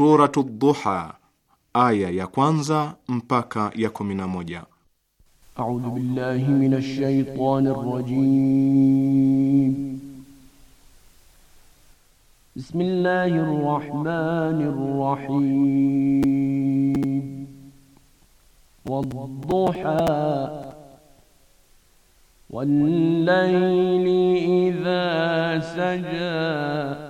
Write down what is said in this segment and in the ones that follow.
Suratu Dhuha aya ya kwanza mpaka ya kumi na moja. A'udhu billahi minash shaitani rajim. Bismillahir rahmanir rahim. Wadduha wal layli idha sajaa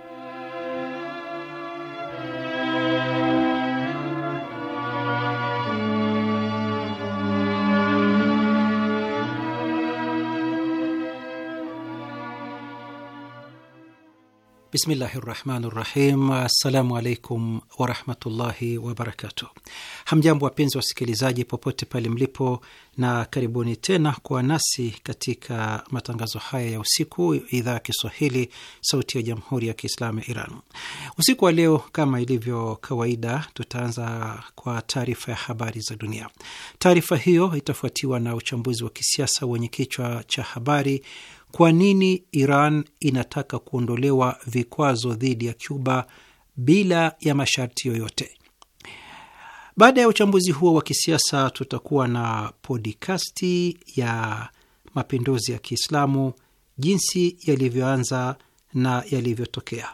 Bismillahi rahmani rahim. Assalamu alaikum warahmatullahi wabarakatuh. Hamjambo wapenzi wasikilizaji, popote pale mlipo, na karibuni tena kuwa nasi katika matangazo haya ya usiku, idhaa ya Kiswahili, sauti ya jamhuri ya kiislamu ya Iran. Usiku wa leo, kama ilivyo kawaida, tutaanza kwa taarifa ya habari za dunia. Taarifa hiyo itafuatiwa na uchambuzi wa kisiasa wenye kichwa cha habari kwa nini Iran inataka kuondolewa vikwazo dhidi ya Cuba bila ya masharti yoyote. Baada ya uchambuzi huo wa kisiasa, tutakuwa na podikasti ya mapinduzi ya Kiislamu, jinsi yalivyoanza na yalivyotokea.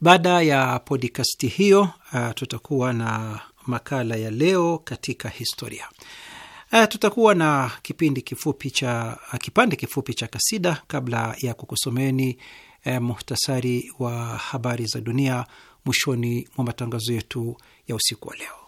Baada ya podikasti hiyo, uh, tutakuwa na makala ya leo katika historia. Uh, tutakuwa na kipindi kifupi cha kipande kifupi cha kasida kabla ya kukusomeni uh, muhtasari wa habari za dunia mwishoni mwa matangazo yetu ya usiku wa leo.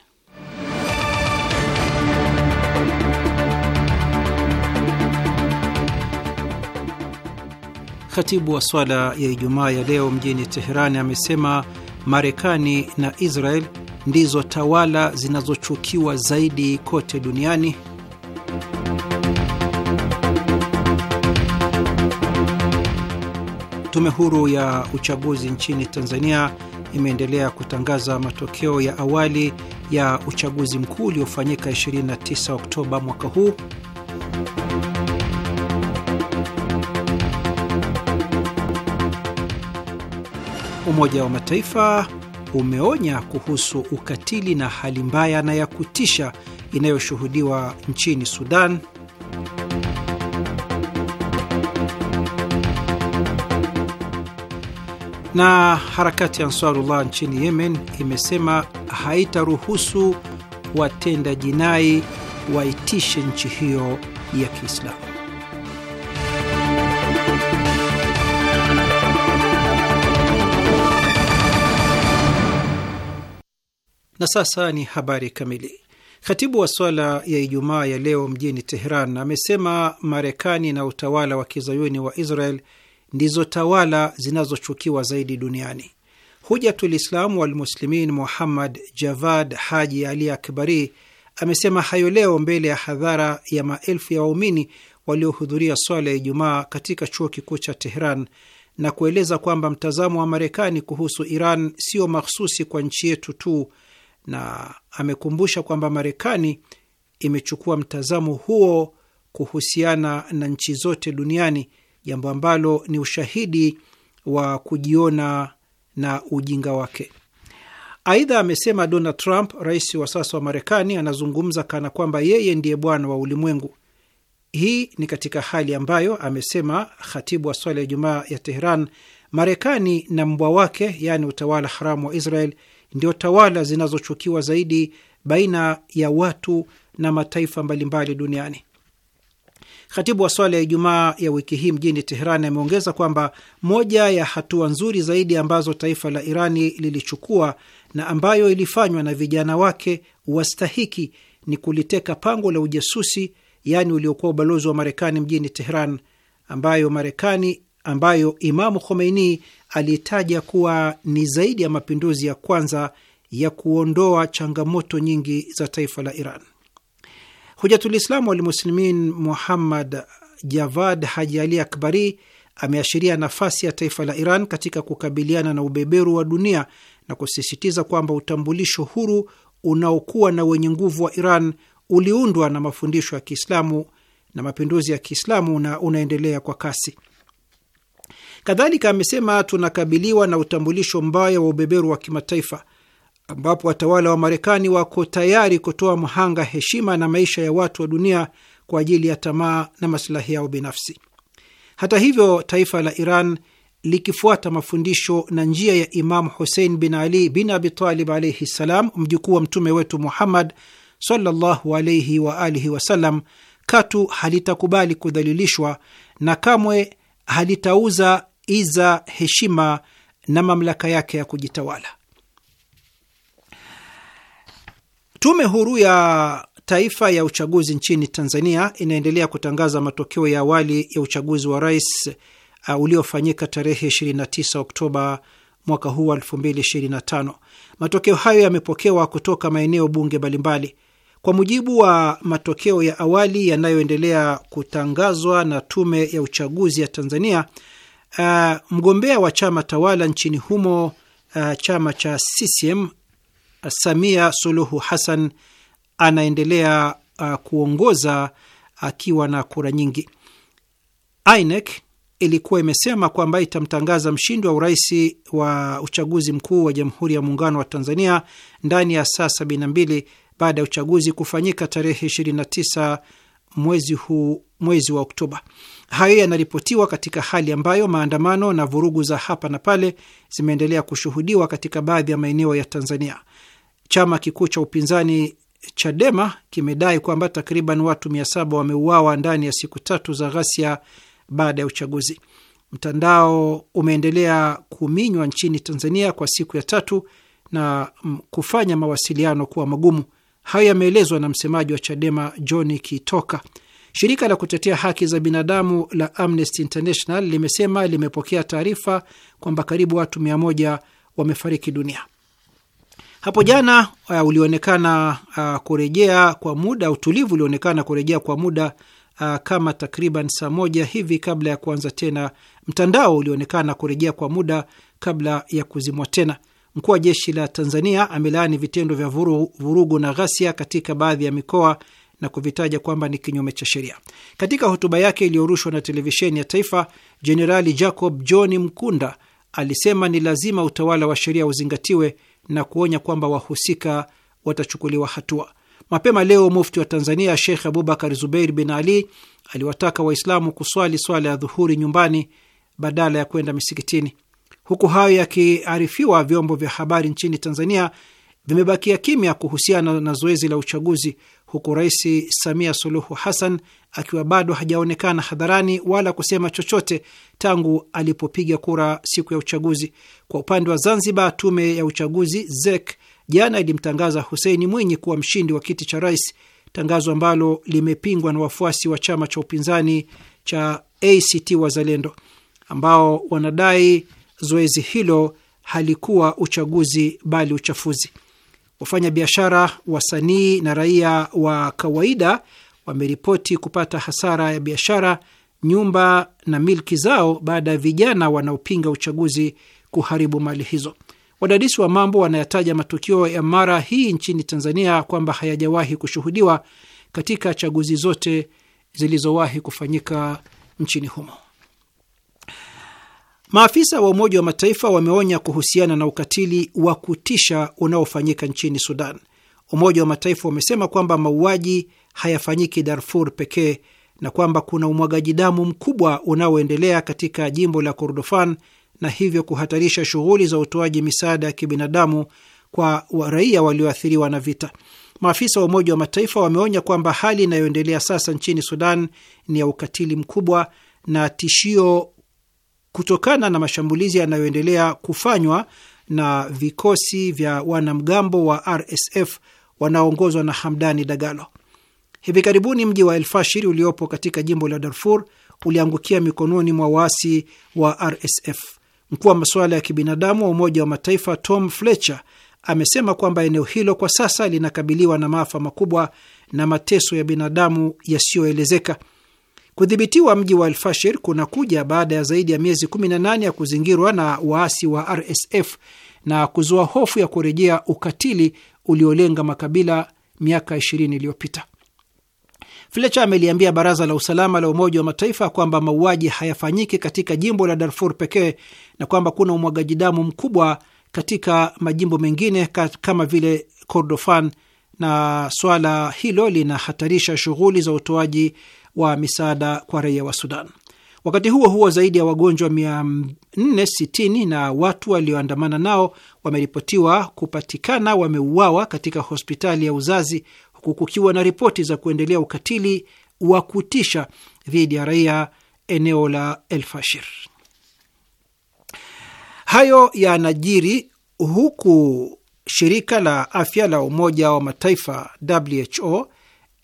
Khatibu wa swala ya Ijumaa ya leo mjini Teherani amesema Marekani na Israel ndizo tawala zinazochukiwa zaidi kote duniani. Tume huru ya uchaguzi nchini Tanzania imeendelea kutangaza matokeo ya awali ya uchaguzi mkuu uliofanyika 29 Oktoba mwaka huu. Umoja wa Mataifa umeonya kuhusu ukatili na hali mbaya na ya kutisha inayoshuhudiwa nchini Sudan. Na harakati ya Ansarullah nchini Yemen imesema haitaruhusu watenda jinai waitishe nchi hiyo ya Kiislamu. Na sasa ni habari kamili. Khatibu wa swala ya Ijumaa ya leo mjini Teheran amesema Marekani na utawala wa kizayuni wa Israel ndizo tawala zinazochukiwa zaidi duniani. Hujatul Islamu Walmuslimin Muhammad Javad Haji Ali Akbari amesema hayo leo mbele ya hadhara ya maelfu ya waumini waliohudhuria swala ya Ijumaa katika chuo kikuu cha Teheran na kueleza kwamba mtazamo wa Marekani kuhusu Iran sio makhususi kwa nchi yetu tu na amekumbusha kwamba Marekani imechukua mtazamo huo kuhusiana na nchi zote duniani, jambo ambalo ni ushahidi wa kujiona na ujinga wake. Aidha, amesema Donald Trump, rais wa sasa wa Marekani, anazungumza kana kwamba yeye ndiye bwana wa ulimwengu. Hii ni katika hali ambayo amesema khatibu wa swala ya Ijumaa ya Teheran, Marekani na mbwa wake, yaani utawala haramu wa Israel ndio tawala zinazochukiwa zaidi baina ya watu na mataifa mbalimbali duniani. Khatibu wa swala ya Ijumaa ya wiki hii mjini Teherani ameongeza kwamba moja ya hatua nzuri zaidi ambazo taifa la Irani lilichukua na ambayo ilifanywa na vijana wake wastahiki ni kuliteka pango la ujasusi, yaani uliokuwa ubalozi wa Marekani mjini Teheran, ambayo Marekani ambayo Imamu Khomeini alitaja kuwa ni zaidi ya mapinduzi ya kwanza ya kuondoa changamoto nyingi za taifa la Iran. Hujatulislamu Walmuslimin Muhammad Javad Haji Ali Akbari ameashiria nafasi ya taifa la Iran katika kukabiliana na ubeberu wa dunia na kusisitiza kwamba utambulisho huru unaokuwa na wenye nguvu wa Iran uliundwa na mafundisho ya Kiislamu na mapinduzi ya Kiislamu na unaendelea kwa kasi. Kadhalika amesema tunakabiliwa na utambulisho mbaya wa ubeberu wa kimataifa ambapo watawala wa Marekani wako tayari kutoa mhanga heshima na maisha ya watu wa dunia kwa ajili ya tamaa na masilahi yao binafsi. Hata hivyo, taifa la Iran likifuata mafundisho na njia ya Imamu Husein bin Ali bin Abitalib alaihi ssalam, mjukuu wa mtume wetu Muhammad sallallahu alaihi wa alihi wasallam, katu halitakubali kudhalilishwa na kamwe halitauza iza heshima na mamlaka yake ya kujitawala. Tume Huru ya Taifa ya Uchaguzi nchini Tanzania inaendelea kutangaza matokeo ya awali ya uchaguzi wa rais uh, uliofanyika tarehe 29 Oktoba mwaka huu wa 2025. Matokeo hayo yamepokewa kutoka maeneo bunge mbalimbali. Kwa mujibu wa matokeo ya awali yanayoendelea kutangazwa na Tume ya Uchaguzi ya Tanzania, uh, mgombea wa chama tawala nchini humo uh, chama cha CCM uh, Samia Suluhu Hassan anaendelea uh, kuongoza akiwa uh, na kura nyingi. INEC ilikuwa imesema kwamba itamtangaza mshindi wa urais wa uchaguzi mkuu wa Jamhuri ya Muungano wa Tanzania ndani ya saa 72 baada ya uchaguzi kufanyika tarehe mwezi huu, mwezi wa Oktoba. Hayo yanaripotiwa katika hali ambayo maandamano na vurugu za hapa na pale zimeendelea kushuhudiwa katika baadhi ya maeneo ya Tanzania. Chama kikuu cha upinzani Chadema kimedai kwamba takriban watu saba wameuawa ndani ya siku tatu za ghasia baada ya uchaguzi. Mtandao umeendelea kuminywa nchini Tanzania kwa siku ya tatu na kufanya mawasiliano kuwa magumu. Hayo yameelezwa na msemaji wa CHADEMA John Kitoka. Shirika la kutetea haki za binadamu la Amnesty International limesema limepokea taarifa kwamba karibu watu 100 wamefariki dunia. Hapo jana uh, ulionekana uh, kurejea kwa muda, utulivu ulionekana kurejea kwa muda uh, kama takriban saa moja hivi kabla ya kuanza tena. Mtandao ulionekana kurejea kwa muda kabla ya kuzimwa tena. Mkuu wa jeshi la Tanzania amelaani vitendo vya vuru, vurugu na ghasia katika baadhi ya mikoa na kuvitaja kwamba ni kinyume cha sheria. Katika hotuba yake iliyorushwa na televisheni ya taifa, Jenerali Jacob John Mkunda alisema ni lazima utawala wa sheria uzingatiwe na kuonya kwamba wahusika watachukuliwa hatua. Mapema leo mufti wa Tanzania Sheikh Abubakar Zubeir bin Ali aliwataka Waislamu kuswali swala ya dhuhuri nyumbani badala ya kwenda misikitini. Huku hayo yakiarifiwa, vyombo vya habari nchini Tanzania vimebakia kimya kuhusiana na zoezi la uchaguzi, huku Rais Samia Suluhu Hassan akiwa bado hajaonekana hadharani wala kusema chochote tangu alipopiga kura siku ya uchaguzi. Kwa upande wa Zanzibar, tume ya uchaguzi ZEK jana ilimtangaza Huseini Mwinyi kuwa mshindi wa kiti cha rais, tangazo ambalo limepingwa na wafuasi wa chama cha upinzani cha ACT Wazalendo ambao wanadai zoezi hilo halikuwa uchaguzi bali uchafuzi. Wafanyabiashara, wasanii na raia wa kawaida wameripoti kupata hasara ya biashara, nyumba na milki zao baada ya vijana wanaopinga uchaguzi kuharibu mali hizo. Wadadisi wa mambo wanayataja matukio ya mara hii nchini Tanzania kwamba hayajawahi kushuhudiwa katika chaguzi zote zilizowahi kufanyika nchini humo. Maafisa wa Umoja wa Mataifa wameonya kuhusiana na ukatili wa kutisha unaofanyika nchini Sudan. Umoja wa Mataifa umesema kwamba mauaji hayafanyiki Darfur pekee na kwamba kuna umwagaji damu mkubwa unaoendelea katika jimbo la Kordofan na hivyo kuhatarisha shughuli za utoaji misaada ya kibinadamu kwa raia walioathiriwa na vita. Maafisa wa Umoja wa Mataifa wameonya kwamba hali inayoendelea sasa nchini Sudan ni ya ukatili mkubwa na tishio kutokana na mashambulizi yanayoendelea kufanywa na vikosi vya wanamgambo wa RSF wanaoongozwa na Hamdani Dagalo. Hivi karibuni mji wa elfashiri uliopo katika jimbo la Darfur uliangukia mikononi mwa waasi wa RSF. Mkuu wa masuala ya kibinadamu wa Umoja wa Mataifa Tom Fletcher amesema kwamba eneo hilo kwa sasa linakabiliwa na maafa makubwa na mateso ya binadamu yasiyoelezeka Kudhibitiwa mji wa Alfashir kunakuja baada ya zaidi ya miezi 18 ya kuzingirwa na waasi wa RSF na kuzua hofu ya kurejea ukatili uliolenga makabila miaka 20 iliyopita. Fletcher ameliambia baraza la usalama la Umoja wa Mataifa kwamba mauaji hayafanyiki katika jimbo la Darfur pekee na kwamba kuna umwagaji damu mkubwa katika majimbo mengine kama vile Kordofan, na swala hilo linahatarisha shughuli za utoaji wa misaada kwa raia wa Sudan. Wakati huo huo, zaidi ya wagonjwa 460 na watu walioandamana nao wameripotiwa kupatikana wameuawa katika hospitali ya uzazi, huku kukiwa na ripoti za kuendelea ukatili wa kutisha dhidi ya raia eneo la El Fashir. Hayo yanajiri huku shirika la afya la Umoja wa Mataifa WHO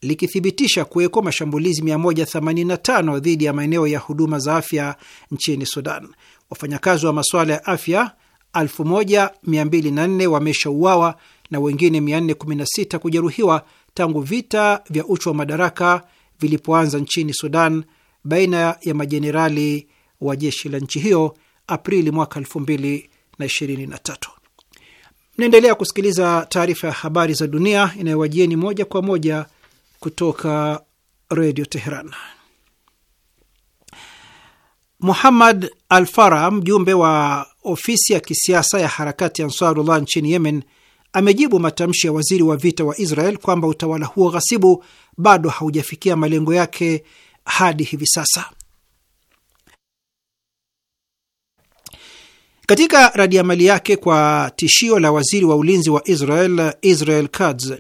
likithibitisha kuwekwa mashambulizi 185 dhidi ya maeneo ya huduma za afya nchini Sudan. Wafanyakazi wa masuala ya afya 1204 wameshauawa na wengine 416 kujeruhiwa tangu vita vya uchu wa madaraka vilipoanza nchini Sudan baina ya majenerali wa jeshi la nchi hiyo Aprili mwaka 2023. Mnaendelea kusikiliza taarifa ya habari za dunia inayowajieni moja kwa moja kutoka Redio Teheran. Muhammad Alfara, mjumbe wa ofisi ya kisiasa ya harakati ya Ansarullah nchini Yemen, amejibu matamshi ya waziri wa vita wa Israel kwamba utawala huo ghasibu bado haujafikia malengo yake hadi hivi sasa. Katika radiamali yake kwa tishio la waziri wa ulinzi wa Israel Israel Katz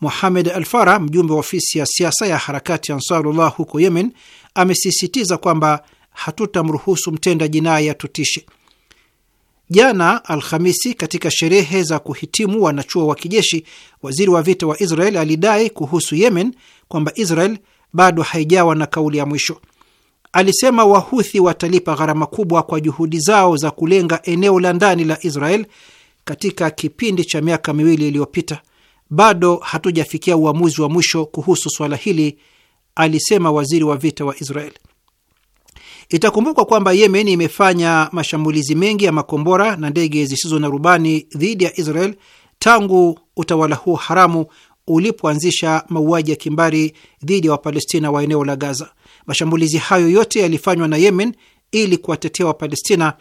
Mohamed Alfara, mjumbe wa ofisi ya siasa ya harakati Ansarullah huko Yemen, amesisitiza kwamba hatutamruhusu mtenda jinai atutishe. Jana Alhamisi, katika sherehe za kuhitimu wanachuo wa kijeshi, waziri wa vita wa Israel alidai kuhusu Yemen kwamba Israel bado haijawa na kauli ya mwisho. Alisema Wahuthi watalipa gharama kubwa kwa juhudi zao za kulenga eneo la ndani la Israel katika kipindi cha miaka miwili iliyopita bado hatujafikia uamuzi wa mwisho kuhusu swala hili, alisema waziri wa vita wa Israel. Itakumbukwa kwamba Yemen imefanya mashambulizi mengi ya makombora na ndege zisizo na rubani dhidi ya Israel tangu utawala huo haramu ulipoanzisha mauaji ya kimbari dhidi ya Wapalestina wa eneo la Gaza. Mashambulizi hayo yote yalifanywa na Yemen ili kuwatetea Wapalestina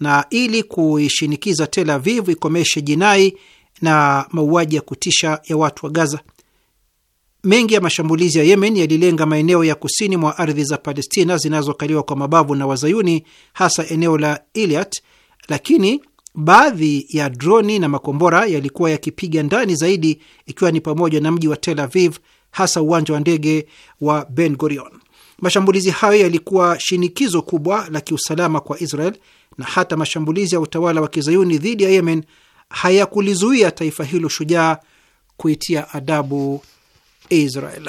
na ili kuishinikiza Tel Aviv ikomeshe jinai na mauaji ya kutisha ya watu wa Gaza. Mengi ya mashambulizi ya Yemen yalilenga maeneo ya kusini mwa ardhi za Palestina zinazokaliwa kwa mabavu na Wazayuni, hasa eneo la Iliat, lakini baadhi ya droni na makombora yalikuwa yakipiga ndani zaidi, ikiwa ni pamoja na mji wa Tel Aviv, hasa uwanja wa ndege wa Ben Gurion. Mashambulizi hayo yalikuwa shinikizo kubwa la kiusalama kwa Israel na hata mashambulizi ya utawala wa kizayuni dhidi ya Yemen hayakulizuia taifa hilo shujaa kuitia adabu Israel.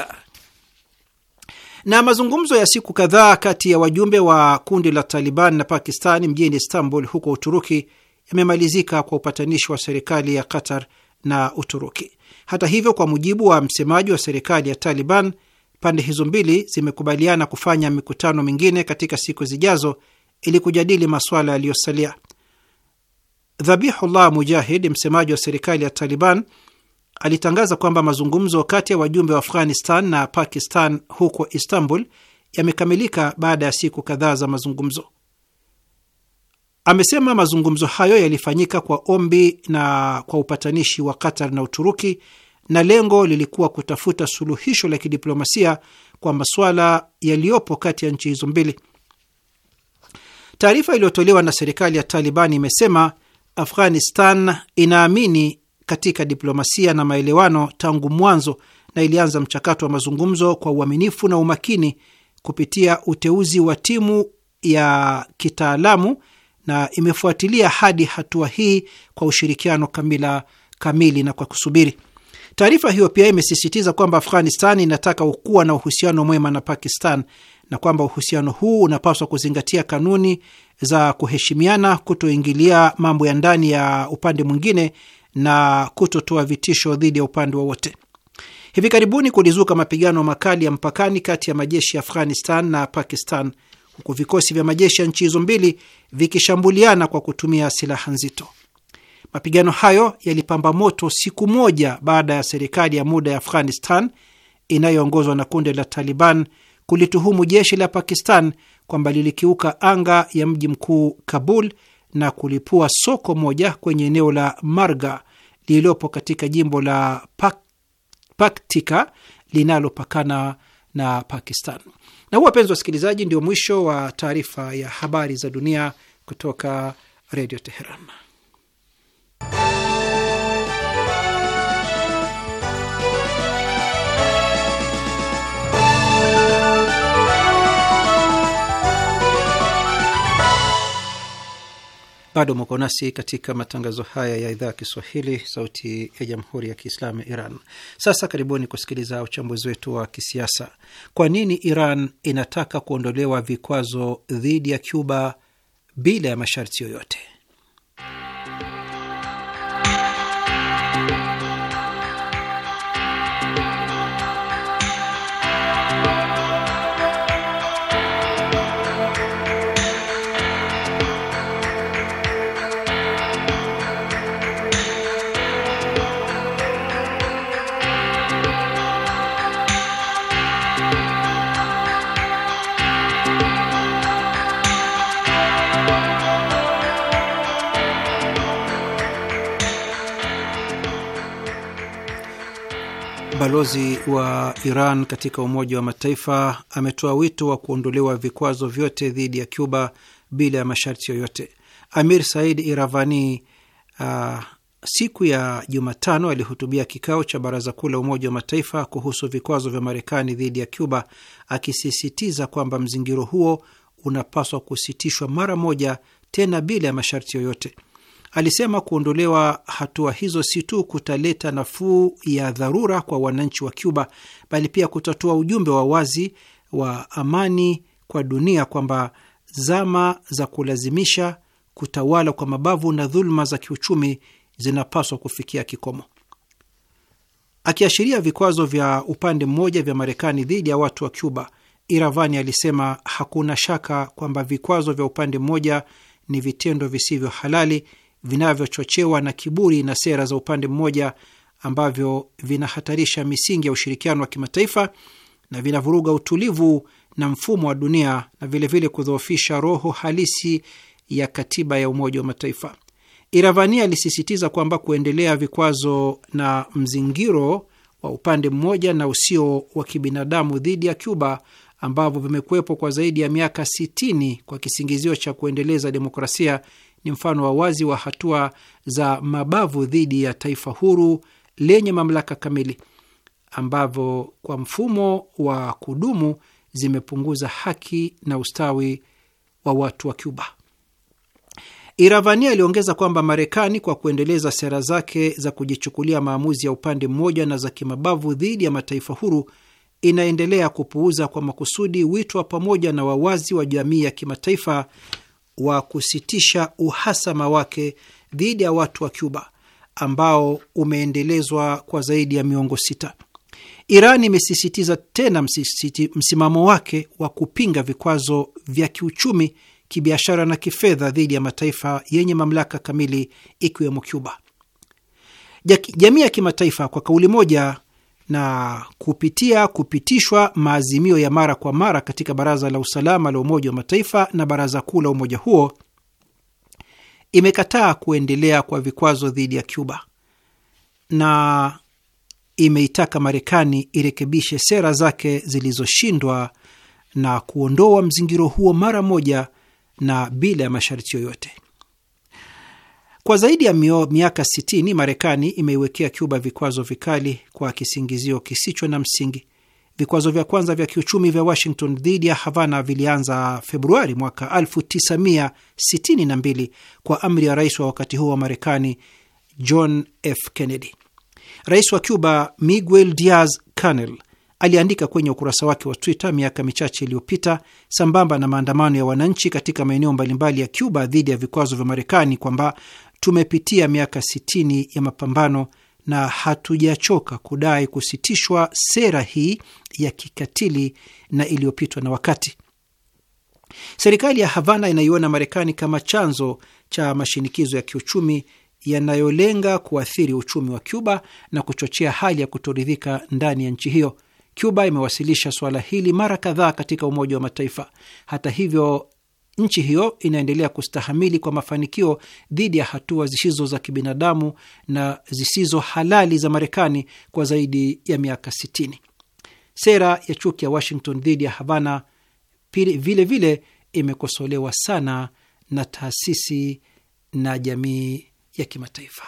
Na mazungumzo ya siku kadhaa kati ya wajumbe wa kundi la Taliban na Pakistan mjini Istanbul huko Uturuki yamemalizika kwa upatanishi wa serikali ya Qatar na Uturuki. Hata hivyo, kwa mujibu wa msemaji wa serikali ya Taliban, pande hizo mbili zimekubaliana kufanya mikutano mingine katika siku zijazo ili kujadili masuala yaliyosalia. Dhabihullah Mujahid, msemaji wa serikali ya Taliban, alitangaza kwamba mazungumzo kati ya wajumbe wa Afghanistan na Pakistan huko Istanbul yamekamilika baada ya siku kadhaa za mazungumzo. Amesema mazungumzo hayo yalifanyika kwa ombi na kwa upatanishi wa Qatar na Uturuki, na lengo lilikuwa kutafuta suluhisho la kidiplomasia kwa masuala yaliyopo kati ya nchi hizo mbili. Taarifa iliyotolewa na serikali ya Taliban imesema Afghanistan inaamini katika diplomasia na maelewano tangu mwanzo na ilianza mchakato wa mazungumzo kwa uaminifu na umakini kupitia uteuzi wa timu ya kitaalamu na imefuatilia hadi hatua hii kwa ushirikiano kamila, kamili na kwa kusubiri. Taarifa hiyo pia imesisitiza kwamba Afghanistan inataka kuwa na uhusiano mwema na Pakistan na kwamba uhusiano huu unapaswa kuzingatia kanuni za kuheshimiana, kutoingilia mambo ya ndani ya upande mwingine na kutotoa vitisho dhidi ya upande wowote. Hivi karibuni kulizuka mapigano makali ya mpakani kati ya majeshi ya Afghanistan na Pakistan, huku vikosi vya majeshi ya nchi hizo mbili vikishambuliana kwa kutumia silaha nzito. Mapigano hayo yalipamba moto siku moja baada ya serikali ya muda ya Afghanistan inayoongozwa na kundi la Taliban kulituhumu jeshi la Pakistan kwamba lilikiuka anga ya mji mkuu Kabul na kulipua soko moja kwenye eneo la Marga lililopo katika jimbo la Pak Paktika linalopakana na Pakistan. Na huu, wapenzi wasikilizaji, ndio mwisho wa taarifa ya habari za dunia kutoka Redio Teheran. Bado mko nasi katika matangazo haya ya idhaa ya Kiswahili, sauti ya jamhuri ya kiislamu ya Iran. Sasa karibuni kusikiliza uchambuzi wetu wa kisiasa. Kwa nini Iran inataka kuondolewa vikwazo dhidi ya Cuba bila ya masharti yoyote? Balozi wa Iran katika Umoja wa Mataifa ametoa wito wa kuondolewa vikwazo vyote dhidi ya Cuba bila ya masharti yoyote. Amir Said Iravani uh, siku ya Jumatano alihutubia kikao cha Baraza Kuu la Umoja wa Mataifa kuhusu vikwazo vya Marekani dhidi ya Cuba, akisisitiza kwamba mzingiro huo unapaswa kusitishwa mara moja, tena bila ya masharti yoyote. Alisema kuondolewa hatua hizo si tu kutaleta nafuu ya dharura kwa wananchi wa Cuba, bali pia kutatoa ujumbe wa wazi wa amani kwa dunia kwamba zama za kulazimisha, kutawala kwa mabavu na dhuluma za kiuchumi zinapaswa kufikia kikomo. Akiashiria vikwazo vya upande mmoja vya Marekani dhidi ya watu wa Cuba, Iravani alisema hakuna shaka kwamba vikwazo vya upande mmoja ni vitendo visivyo halali vinavyochochewa na kiburi na sera za upande mmoja ambavyo vinahatarisha misingi ya ushirikiano wa kimataifa na vinavuruga utulivu na mfumo wa dunia na vilevile kudhoofisha roho halisi ya katiba ya Umoja wa Mataifa. Iravani alisisitiza kwamba kuendelea vikwazo na mzingiro wa upande mmoja na usio wa kibinadamu dhidi ya Cuba ambavyo vimekuwepo kwa zaidi ya miaka 60 kwa kisingizio cha kuendeleza demokrasia ni mfano wa wazi wa hatua za mabavu dhidi ya taifa huru lenye mamlaka kamili ambavyo kwa mfumo wa kudumu zimepunguza haki na ustawi wa watu wa Cuba. Iravani aliongeza kwamba Marekani kwa kuendeleza sera zake za kujichukulia maamuzi ya upande mmoja na za kimabavu dhidi ya mataifa huru inaendelea kupuuza kwa makusudi wito wa pamoja na wawazi wa jamii ya kimataifa wa kusitisha uhasama wake dhidi ya watu wa Cuba ambao umeendelezwa kwa zaidi ya miongo sita. Iran imesisitiza tena msisiti, msimamo wake wa kupinga vikwazo vya kiuchumi, kibiashara na kifedha dhidi ya mataifa yenye mamlaka kamili ikiwemo Cuba. Jamii ya kimataifa kwa kauli moja na kupitia kupitishwa maazimio ya mara kwa mara katika Baraza la Usalama la Umoja wa Mataifa na Baraza Kuu la umoja huo, imekataa kuendelea kwa vikwazo dhidi ya Cuba na imeitaka Marekani irekebishe sera zake zilizoshindwa na kuondoa mzingiro huo mara moja na bila ya masharti yoyote. Kwa zaidi ya mio, miaka 60 Marekani imeiwekea Cuba vikwazo vikali kwa kisingizio kisicho na msingi. Vikwazo vya kwanza vya kiuchumi vya Washington dhidi ya Havana vilianza Februari mwaka 1962 kwa amri ya rais wa wakati huo wa Marekani, John F. Kennedy. Rais wa Cuba Miguel Diaz Canel aliandika kwenye ukurasa wake wa Twitter miaka michache iliyopita, sambamba na maandamano ya wananchi katika maeneo mbalimbali ya Cuba dhidi ya vikwazo vya Marekani, kwamba tumepitia miaka sitini ya mapambano na hatujachoka kudai kusitishwa sera hii ya kikatili na iliyopitwa na wakati. Serikali ya Havana inaiona Marekani kama chanzo cha mashinikizo ya kiuchumi yanayolenga kuathiri uchumi wa Cuba na kuchochea hali ya kutoridhika ndani ya nchi hiyo. Cuba imewasilisha suala hili mara kadhaa katika Umoja wa Mataifa. Hata hivyo, Nchi hiyo inaendelea kustahamili kwa mafanikio dhidi ya hatua zisizo za kibinadamu na zisizo halali za Marekani kwa zaidi ya miaka 60. Sera ya chuki ya Washington dhidi ya Havana vilevile vile imekosolewa sana na taasisi na jamii ya kimataifa.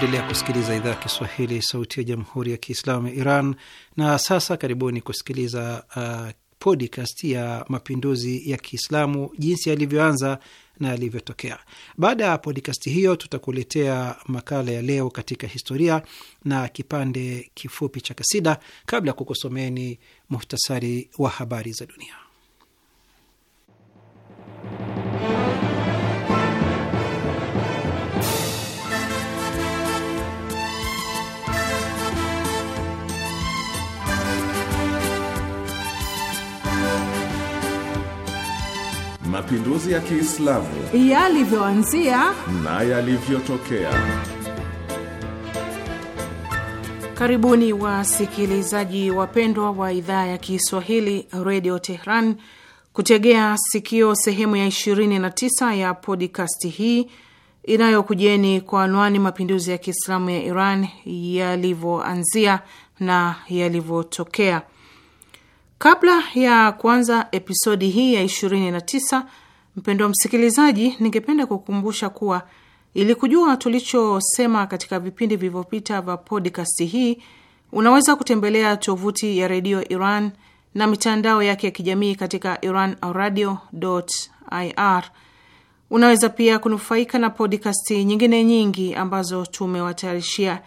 Naendelea kusikiliza idhaa ya Kiswahili, sauti ya jamhuri ya kiislamu ya Iran. Na sasa karibuni kusikiliza uh, podcast ya mapinduzi ya Kiislamu, jinsi yalivyoanza na yalivyotokea. Baada ya podcast hiyo, tutakuletea makala ya leo katika historia na kipande kifupi cha kasida, kabla ya kukusomeni muhtasari wa habari za dunia. mapinduzi ya Kiislamu yalivyoanzia na yalivyotokea. Karibuni wasikilizaji wapendwa wa idhaa ya Kiswahili Redio Tehran kutegea sikio sehemu ya 29 ya podikasti hii inayokujeni kwa anwani mapinduzi ya Kiislamu ya Iran yalivyoanzia na yalivyotokea. Kabla ya kuanza episodi hii ya 29, mpendwa msikilizaji, ningependa kukumbusha kuwa ili kujua tulichosema katika vipindi vilivyopita vya podcast hii, unaweza kutembelea tovuti ya redio Iran na mitandao yake ya kijamii katika iran radio ir Unaweza pia kunufaika na podcast nyingine nyingi ambazo tumewatayarishia.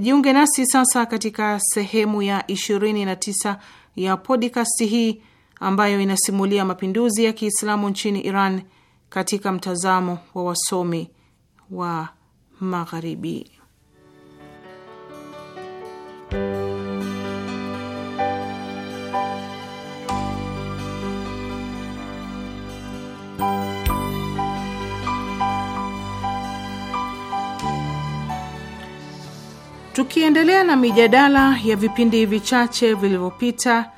Jiunge nasi sasa katika sehemu ya 29 ya podcast hii ambayo inasimulia mapinduzi ya Kiislamu nchini Iran katika mtazamo wa wasomi wa Magharibi. Tukiendelea na mijadala ya vipindi vichache vilivyopita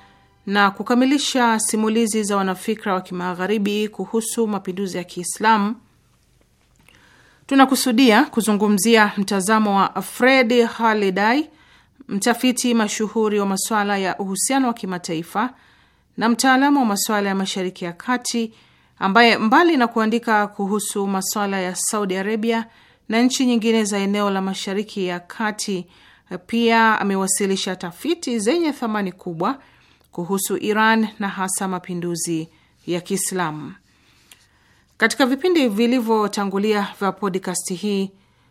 na kukamilisha simulizi za wanafikra wa kimagharibi kuhusu mapinduzi ya Kiislamu, tunakusudia kuzungumzia mtazamo wa Fredi Haliday, mtafiti mashuhuri wa masuala ya uhusiano wa kimataifa na mtaalamu wa masuala ya Mashariki ya Kati, ambaye mbali na kuandika kuhusu masuala ya Saudi Arabia na nchi nyingine za eneo la Mashariki ya Kati. Pia amewasilisha tafiti zenye thamani kubwa kuhusu Iran na hasa mapinduzi ya Kiislamu. Katika vipindi vilivyotangulia vya podcast hii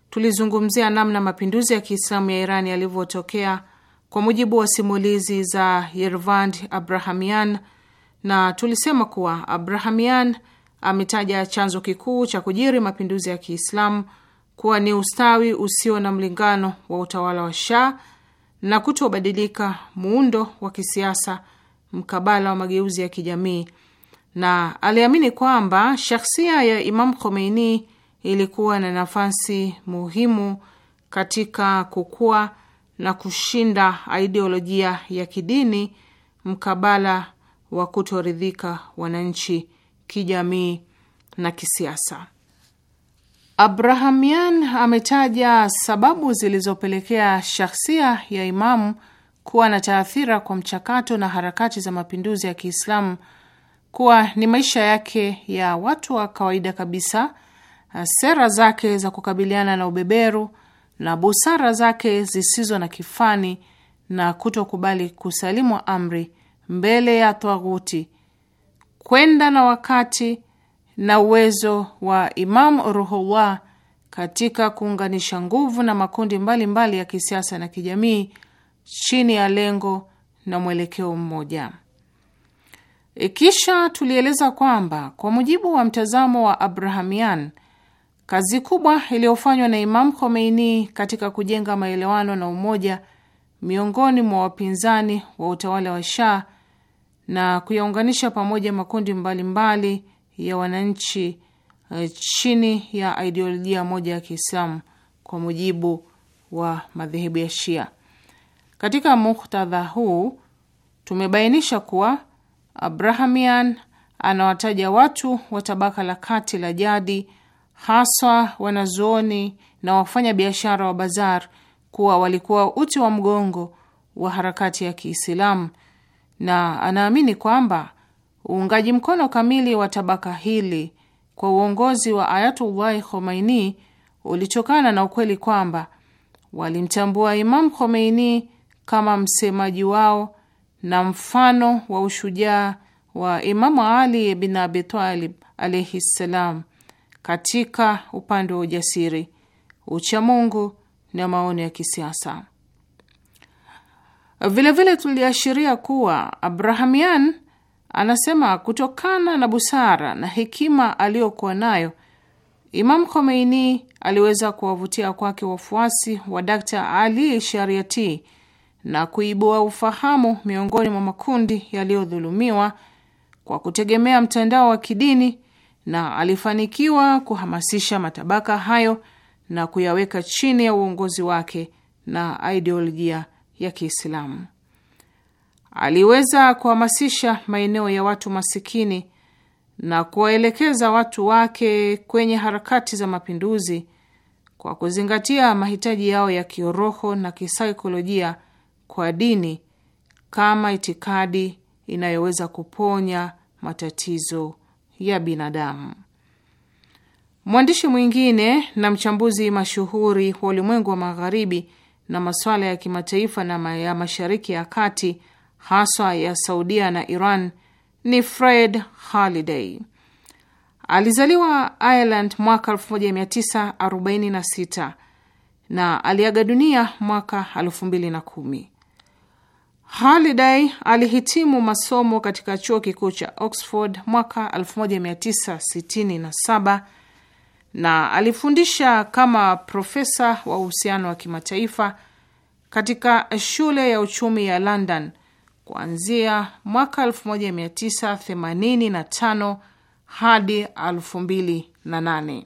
tulizungumzia namna mapinduzi ya Kiislamu ya Iran yalivyotokea kwa mujibu wa simulizi za Yervand Abrahamian, na tulisema kuwa Abrahamian ametaja chanzo kikuu cha kujiri mapinduzi ya Kiislamu kuwa ni ustawi usio na mlingano wa utawala wa Shah na kutobadilika muundo wa kisiasa mkabala wa mageuzi ya kijamii, na aliamini kwamba shakhsia ya Imam Khomeini ilikuwa na nafasi muhimu katika kukua na kushinda ideolojia ya kidini mkabala wa kutoridhika wananchi kijamii na kisiasa. Abrahamian ametaja sababu zilizopelekea shahsia ya Imamu kuwa na taathira kwa mchakato na harakati za mapinduzi ya Kiislamu kuwa ni maisha yake ya watu wa kawaida kabisa, sera zake za kukabiliana na ubeberu na busara zake zisizo na kifani na kutokubali kusalimwa amri mbele ya twaguti, kwenda na wakati na uwezo wa Imam Ruhullah katika kuunganisha nguvu na makundi mbalimbali mbali ya kisiasa na kijamii chini ya lengo na mwelekeo mmoja. E, kisha tulieleza kwamba kwa mujibu wa mtazamo wa Abrahamian, kazi kubwa iliyofanywa na Imam Khomeini katika kujenga maelewano na umoja miongoni mwa wapinzani wa utawala wa Shah na kuyaunganisha pamoja makundi mbalimbali mbali ya wananchi uh, chini ya ideolojia moja ya Kiislamu kwa mujibu wa madhehebu ya Shia. Katika muktadha huu tumebainisha kuwa Abrahamian anawataja watu wa tabaka la kati la jadi, haswa wanazuoni na wafanya biashara wa bazar, kuwa walikuwa uti wa mgongo wa harakati ya Kiislamu, na anaamini kwamba Uungaji mkono kamili wa tabaka hili kwa uongozi wa Ayatullahi Khomeini ulitokana na ukweli kwamba walimtambua Imam Khomeini kama msemaji wao na mfano wa ushujaa wa Imamu Ali bin Abi Talib alaihi ssalam katika upande wa ujasiri, uchamungu na maoni ya kisiasa. Vilevile tuliashiria kuwa Abrahamian Anasema kutokana na busara na hekima aliyokuwa nayo Imam Khomeini aliweza kuwavutia kwake wafuasi wa Dkt. Ali Shariati na kuibua ufahamu miongoni mwa makundi yaliyodhulumiwa kwa kutegemea mtandao wa kidini, na alifanikiwa kuhamasisha matabaka hayo na kuyaweka chini ya uongozi wake na ideolojia ya Kiislamu aliweza kuhamasisha maeneo ya watu masikini na kuwaelekeza watu wake kwenye harakati za mapinduzi kwa kuzingatia mahitaji yao ya kiroho na kisaikolojia kwa dini kama itikadi inayoweza kuponya matatizo ya binadamu. Mwandishi mwingine na mchambuzi mashuhuri wa ulimwengu wa magharibi na masuala ya kimataifa na ya Mashariki ya Kati haswa ya Saudia na Iran ni Fred Haliday. Alizaliwa Ireland mwaka 1946 na aliaga dunia mwaka 2010. Haliday alihitimu masomo katika chuo kikuu cha Oxford mwaka 1967 na alifundisha kama profesa wa uhusiano wa kimataifa katika shule ya uchumi ya London kuanzia mwaka 1985 hadi 2008.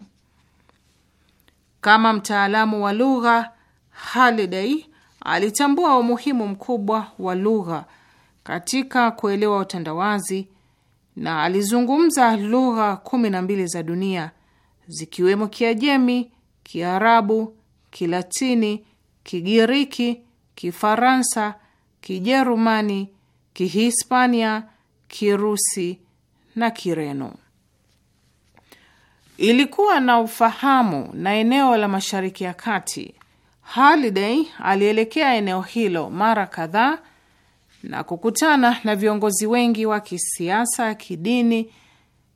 Kama mtaalamu wa lugha, Haliday alitambua umuhimu mkubwa wa lugha katika kuelewa utandawazi na alizungumza lugha kumi na mbili za dunia zikiwemo Kiajemi, Kiarabu, Kilatini, Kigiriki, Kifaransa, Kijerumani, Kihispania, Kirusi na Kireno. Ilikuwa na ufahamu na eneo la Mashariki ya Kati. Haliday alielekea eneo hilo mara kadhaa na kukutana na viongozi wengi wa kisiasa, kidini,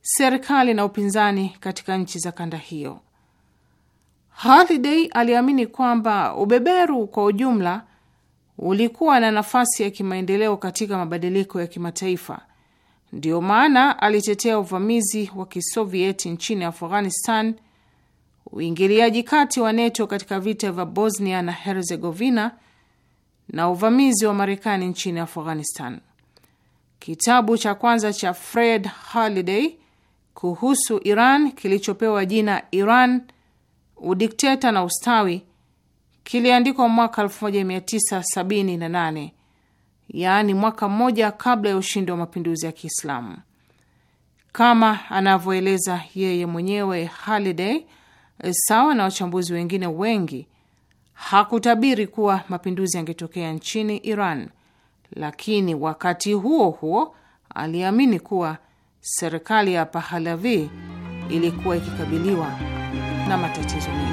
serikali na upinzani katika nchi za kanda hiyo. Haliday aliamini kwamba ubeberu kwa ujumla ulikuwa na nafasi ya kimaendeleo katika mabadiliko ya kimataifa. Ndiyo maana alitetea uvamizi wa kisovieti nchini Afghanistan, uingiliaji kati wa NATO katika vita vya Bosnia na Herzegovina na uvamizi wa Marekani nchini Afghanistan. Kitabu cha kwanza cha Fred Haliday kuhusu Iran kilichopewa jina Iran, Udikteta na Ustawi kiliandikwa mwaka 1978 yaani mwaka mmoja kabla ya ushindi wa mapinduzi ya Kiislamu. Kama anavyoeleza yeye mwenyewe Haliday, sawa na wachambuzi wengine wengi, hakutabiri kuwa mapinduzi yangetokea nchini Iran, lakini wakati huo huo aliamini kuwa serikali ya Pahalavi ilikuwa ikikabiliwa na matatizo mengi.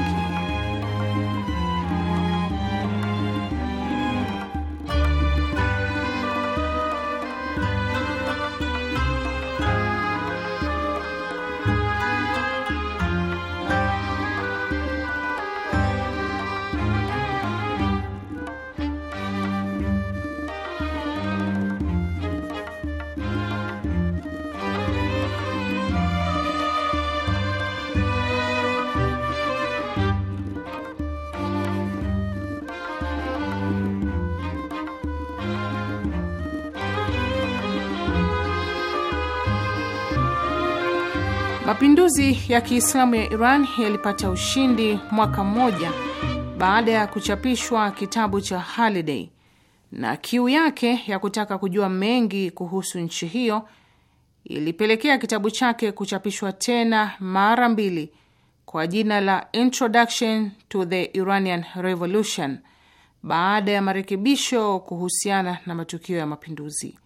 Mapinduzi ya Kiislamu ya Iran yalipata ushindi mwaka mmoja baada ya kuchapishwa kitabu cha Haliday, na kiu yake ya kutaka kujua mengi kuhusu nchi hiyo ilipelekea kitabu chake kuchapishwa tena mara mbili kwa jina la Introduction to the Iranian Revolution baada ya marekebisho kuhusiana na matukio ya mapinduzi.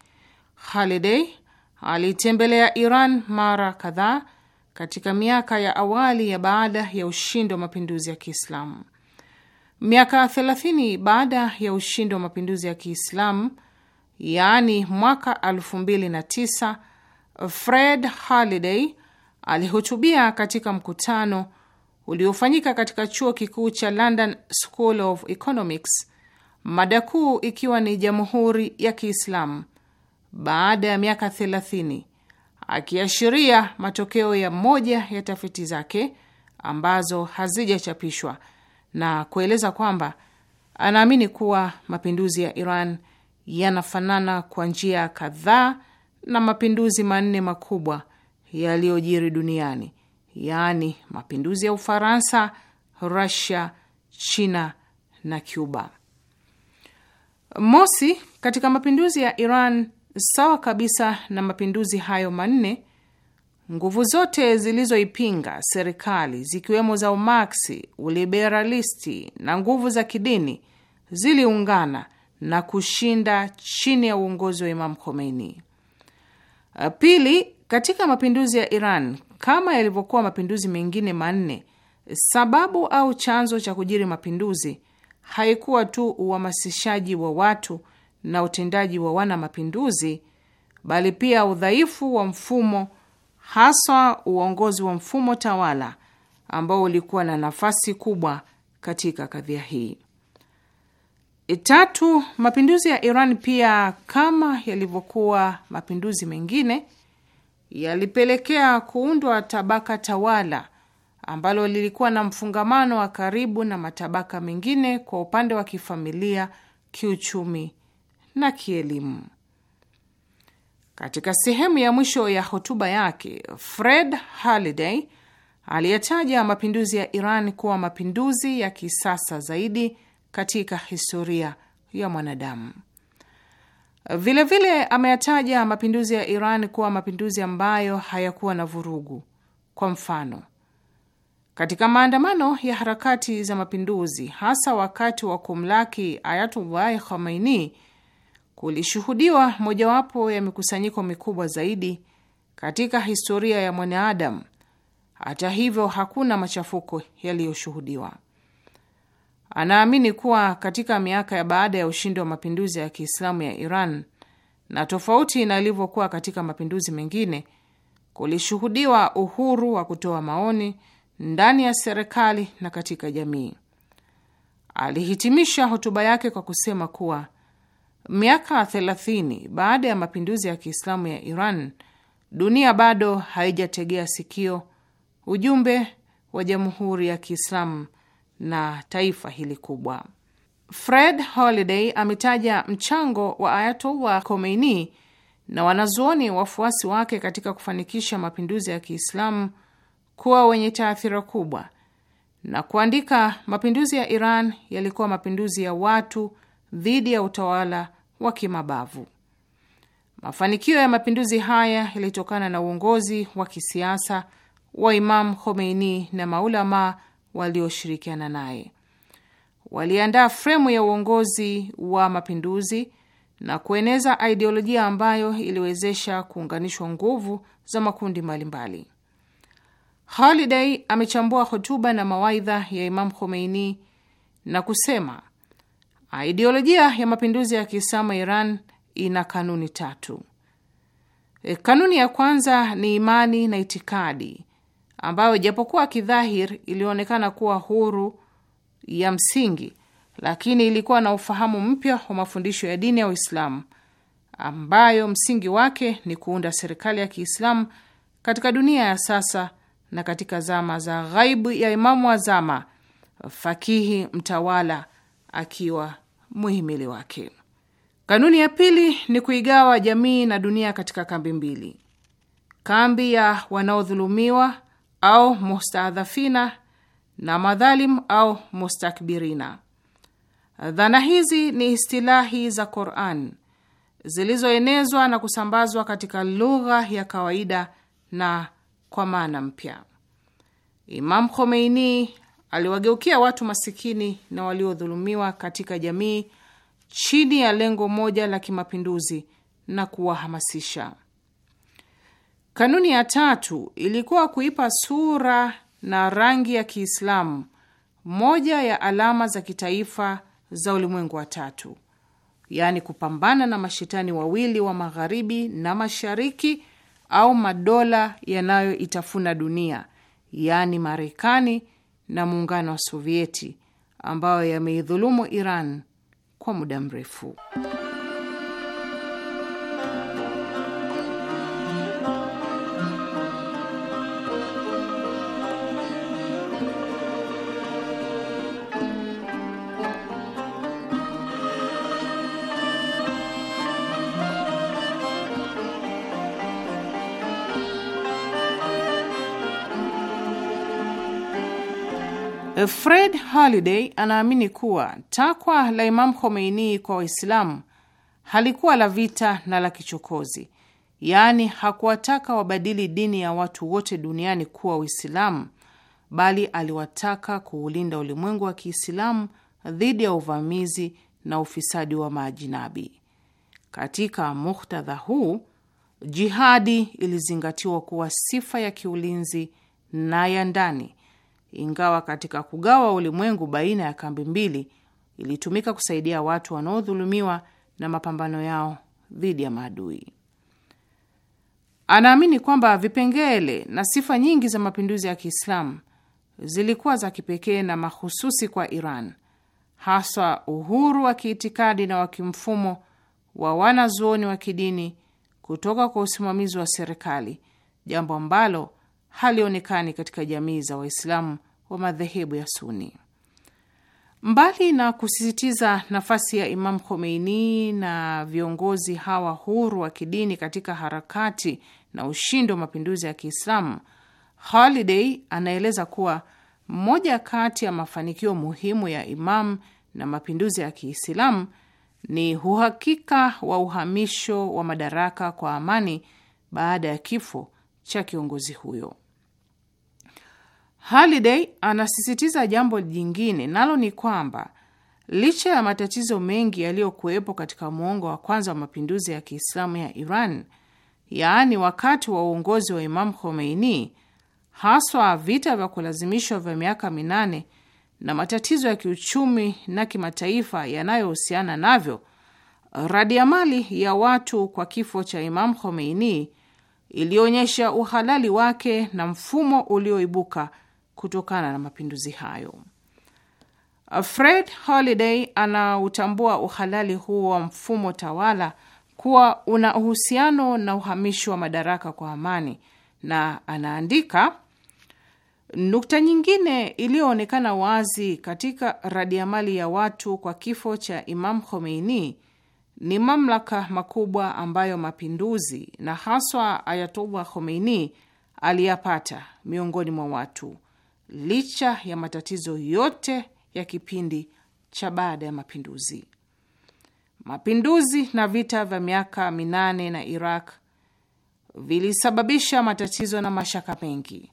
Holiday alitembelea Iran mara kadhaa katika miaka ya awali ya baada ya ushindi wa mapinduzi ya Kiislamu. Miaka 30 baada ya ushindi wa mapinduzi ya Kiislamu, yaani mwaka 2009, Fred Haliday alihutubia katika mkutano uliofanyika katika chuo kikuu cha London School of Economics, mada kuu ikiwa ni jamhuri ya Kiislamu baada ya miaka 30 akiashiria matokeo ya moja ya tafiti zake ambazo hazijachapishwa na kueleza kwamba anaamini kuwa mapinduzi ya Iran yanafanana kwa njia kadhaa na mapinduzi manne makubwa yaliyojiri duniani, yaani mapinduzi ya Ufaransa, Rusia, China na Cuba. Mosi, katika mapinduzi ya Iran sawa kabisa na mapinduzi hayo manne, nguvu zote zilizoipinga serikali zikiwemo za umaksi, uliberalisti na nguvu za kidini ziliungana na kushinda chini ya uongozi wa Imam Khomeini. Uh, pili, katika mapinduzi ya Iran kama yalivyokuwa mapinduzi mengine manne, sababu au chanzo cha kujiri mapinduzi haikuwa tu uhamasishaji wa watu na utendaji wa wana mapinduzi, bali pia udhaifu wa mfumo, haswa uongozi wa mfumo tawala ambao ulikuwa na nafasi kubwa katika kadhia hii. E, tatu, mapinduzi ya Iran pia kama yalivyokuwa mapinduzi mengine yalipelekea kuundwa tabaka tawala ambalo lilikuwa na mfungamano wa karibu na matabaka mengine kwa upande wa kifamilia, kiuchumi na kielimu. Katika sehemu ya mwisho ya hotuba yake, Fred Haliday aliyetaja mapinduzi ya Iran kuwa mapinduzi ya kisasa zaidi katika historia ya mwanadamu. Vilevile ameyataja mapinduzi ya Iran kuwa mapinduzi ambayo hayakuwa na vurugu. Kwa mfano, katika maandamano ya harakati za mapinduzi, hasa wakati wa kumlaki Ayatullahi Khomeini kulishuhudiwa mojawapo ya mikusanyiko mikubwa zaidi katika historia ya mwanadamu. Hata hivyo, hakuna machafuko yaliyoshuhudiwa. Anaamini kuwa katika miaka ya baada ya ushindi wa mapinduzi ya Kiislamu ya Iran, na tofauti na ilivyokuwa katika mapinduzi mengine, kulishuhudiwa uhuru wa kutoa maoni ndani ya serikali na katika jamii. Alihitimisha hotuba yake kwa kusema kuwa Miaka 30 baada ya mapinduzi ya Kiislamu ya Iran, dunia bado haijategea sikio ujumbe wa Jamhuri ya Kiislamu na taifa hili kubwa. Fred Holiday ametaja mchango wa Ayatollah Khomeini na wanazuoni wafuasi wake katika kufanikisha mapinduzi ya Kiislamu kuwa wenye taathira kubwa na kuandika, mapinduzi ya Iran yalikuwa mapinduzi ya watu dhidi ya utawala wa kimabavu. Mafanikio ya mapinduzi haya yalitokana na uongozi wa kisiasa wa Imam Khomeini na maulama walioshirikiana naye. Waliandaa fremu ya uongozi wa mapinduzi na kueneza idiolojia ambayo iliwezesha kuunganishwa nguvu za makundi mbalimbali. Holiday amechambua hotuba na mawaidha ya Imam Khomeini na kusema Ah, ideolojia ya mapinduzi ya Kiislamu Iran ina kanuni tatu. E, kanuni ya kwanza ni imani na itikadi ambayo ijapokuwa kidhahir ilionekana kuwa huru ya msingi, lakini ilikuwa na ufahamu mpya wa mafundisho ya dini ya Uislamu ambayo msingi wake ni kuunda serikali ya Kiislamu katika dunia ya sasa na katika zama za ghaibu ya Imamu wa zama, fakihi mtawala akiwa muhimili wake. Kanuni ya pili ni kuigawa jamii na dunia katika kambi mbili: kambi ya wanaodhulumiwa au mustadhafina na madhalim au mustakbirina. Dhana hizi ni istilahi za Quran zilizoenezwa na kusambazwa katika lugha ya kawaida na kwa maana mpya. Imam Khomeini aliwageukia watu masikini na waliodhulumiwa katika jamii chini ya lengo moja la kimapinduzi na kuwahamasisha. Kanuni ya tatu ilikuwa kuipa sura na rangi ya Kiislamu moja ya alama za kitaifa za ulimwengu wa tatu, yaani kupambana na mashetani wawili wa magharibi na mashariki, au madola yanayoitafuna dunia, yaani Marekani na muungano wa Sovieti ambayo yameidhulumu Iran kwa muda mrefu. Eh, Fred Haliday anaamini kuwa takwa la Imam Khomeini kwa Waislamu halikuwa la vita na la kichokozi, yaani hakuwataka wabadili dini ya watu wote duniani kuwa Uislamu, bali aliwataka kuulinda ulimwengu wa Kiislamu dhidi ya uvamizi na ufisadi wa maajinabi. Katika muktadha huu, jihadi ilizingatiwa kuwa sifa ya kiulinzi na ya ndani ingawa katika kugawa ulimwengu baina ya kambi mbili ilitumika kusaidia watu wanaodhulumiwa na mapambano yao dhidi ya maadui. Anaamini kwamba vipengele na sifa nyingi za mapinduzi ya Kiislamu zilikuwa za kipekee na mahususi kwa Iran, haswa uhuru wa kiitikadi na wa kimfumo wa wanazuoni wa kidini kutoka kwa usimamizi wa serikali, jambo ambalo halionekani katika jamii za Waislamu wa madhehebu ya Suni. Mbali na kusisitiza nafasi ya Imam Khomeini na viongozi hawa huru wa kidini katika harakati na ushindi wa mapinduzi ya Kiislamu, Holiday anaeleza kuwa moja kati ya mafanikio muhimu ya Imam na mapinduzi ya Kiislamu ni uhakika wa uhamisho wa madaraka kwa amani baada ya kifo cha kiongozi huyo. Haliday anasisitiza jambo jingine, nalo ni kwamba licha ya matatizo mengi yaliyokuwepo katika muongo wa kwanza wa mapinduzi ya Kiislamu ya Iran, yaani wakati wa uongozi wa Imam Khomeini, haswa vita vya kulazimishwa vya miaka minane na matatizo ya kiuchumi na kimataifa yanayohusiana navyo, radiamali ya watu kwa kifo cha Imam Khomeini ilionyesha uhalali wake na mfumo ulioibuka kutokana na mapinduzi hayo. Fred Holiday anautambua uhalali huo wa mfumo tawala kuwa una uhusiano na uhamishi wa madaraka kwa amani, na anaandika nukta nyingine iliyoonekana wazi katika radiamali ya watu kwa kifo cha Imam Khomeini ni mamlaka makubwa ambayo mapinduzi na haswa Ayatollah Khomeini aliyapata miongoni mwa watu licha ya matatizo yote ya kipindi cha baada ya mapinduzi. Mapinduzi na vita vya miaka minane na Iraq vilisababisha matatizo na mashaka mengi,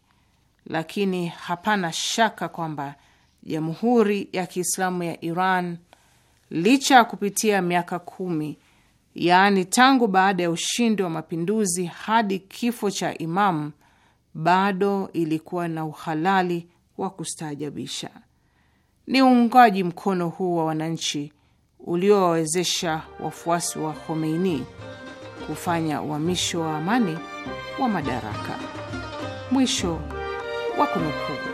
lakini hapana shaka kwamba Jamhuri ya Kiislamu ya Iran licha ya kupitia miaka kumi, yaani tangu baada ya ushindi wa mapinduzi hadi kifo cha Imamu bado ilikuwa na uhalali wa kustaajabisha. Ni uungaji mkono huu wa wananchi uliowawezesha wafuasi wa Khomeini kufanya uhamisho wa amani wa madaraka. Mwisho wa kunukuu.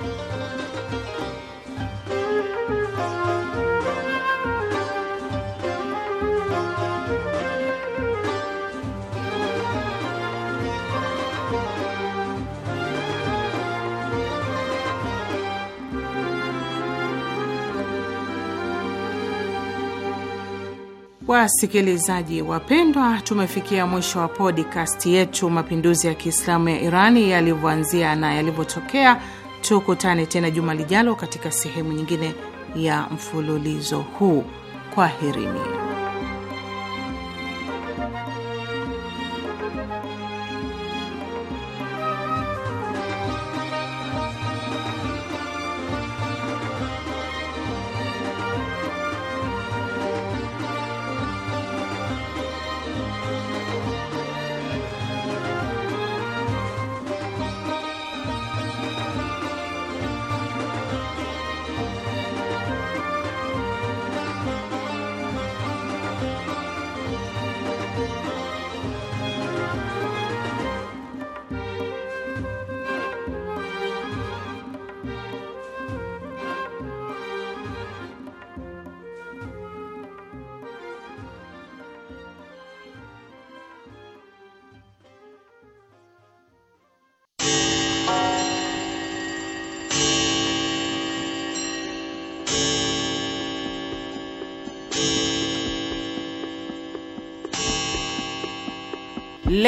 Wasikilizaji wapendwa, tumefikia mwisho wa podcast yetu mapinduzi ya Kiislamu ya Irani yalivyoanzia na yalivyotokea. Tukutane tena juma lijalo katika sehemu nyingine ya mfululizo huu. Kwaherini.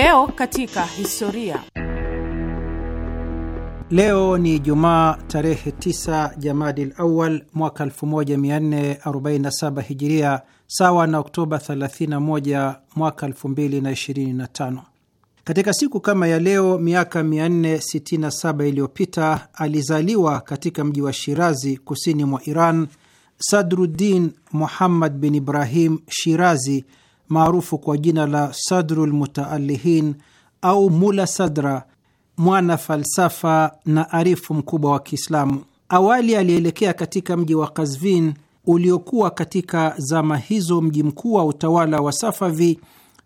Leo katika historia. Leo ni Jumaa tarehe 9 Jamadil Awal mwaka 1447 Hijiria, sawa na Oktoba 31 mwaka 2025. Katika siku kama ya leo miaka 467 iliyopita alizaliwa katika mji wa Shirazi kusini mwa Iran Sadruddin Muhammad bin Ibrahim Shirazi maarufu kwa jina la Sadrul Mutaalihin au Mula Sadra, mwana falsafa na arifu mkubwa wa Kiislamu. Awali alielekea katika mji wa Kazvin uliokuwa katika zama hizo mji mkuu wa utawala wa Safavi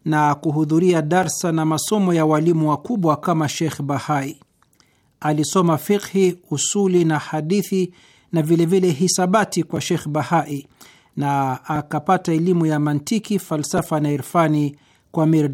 na kuhudhuria darsa na masomo ya walimu wakubwa kama Sheikh Bahai. Alisoma fikhi, usuli na hadithi na vilevile vile hisabati kwa Sheikh Bahai na akapata elimu ya mantiki, falsafa na irfani kwa Mir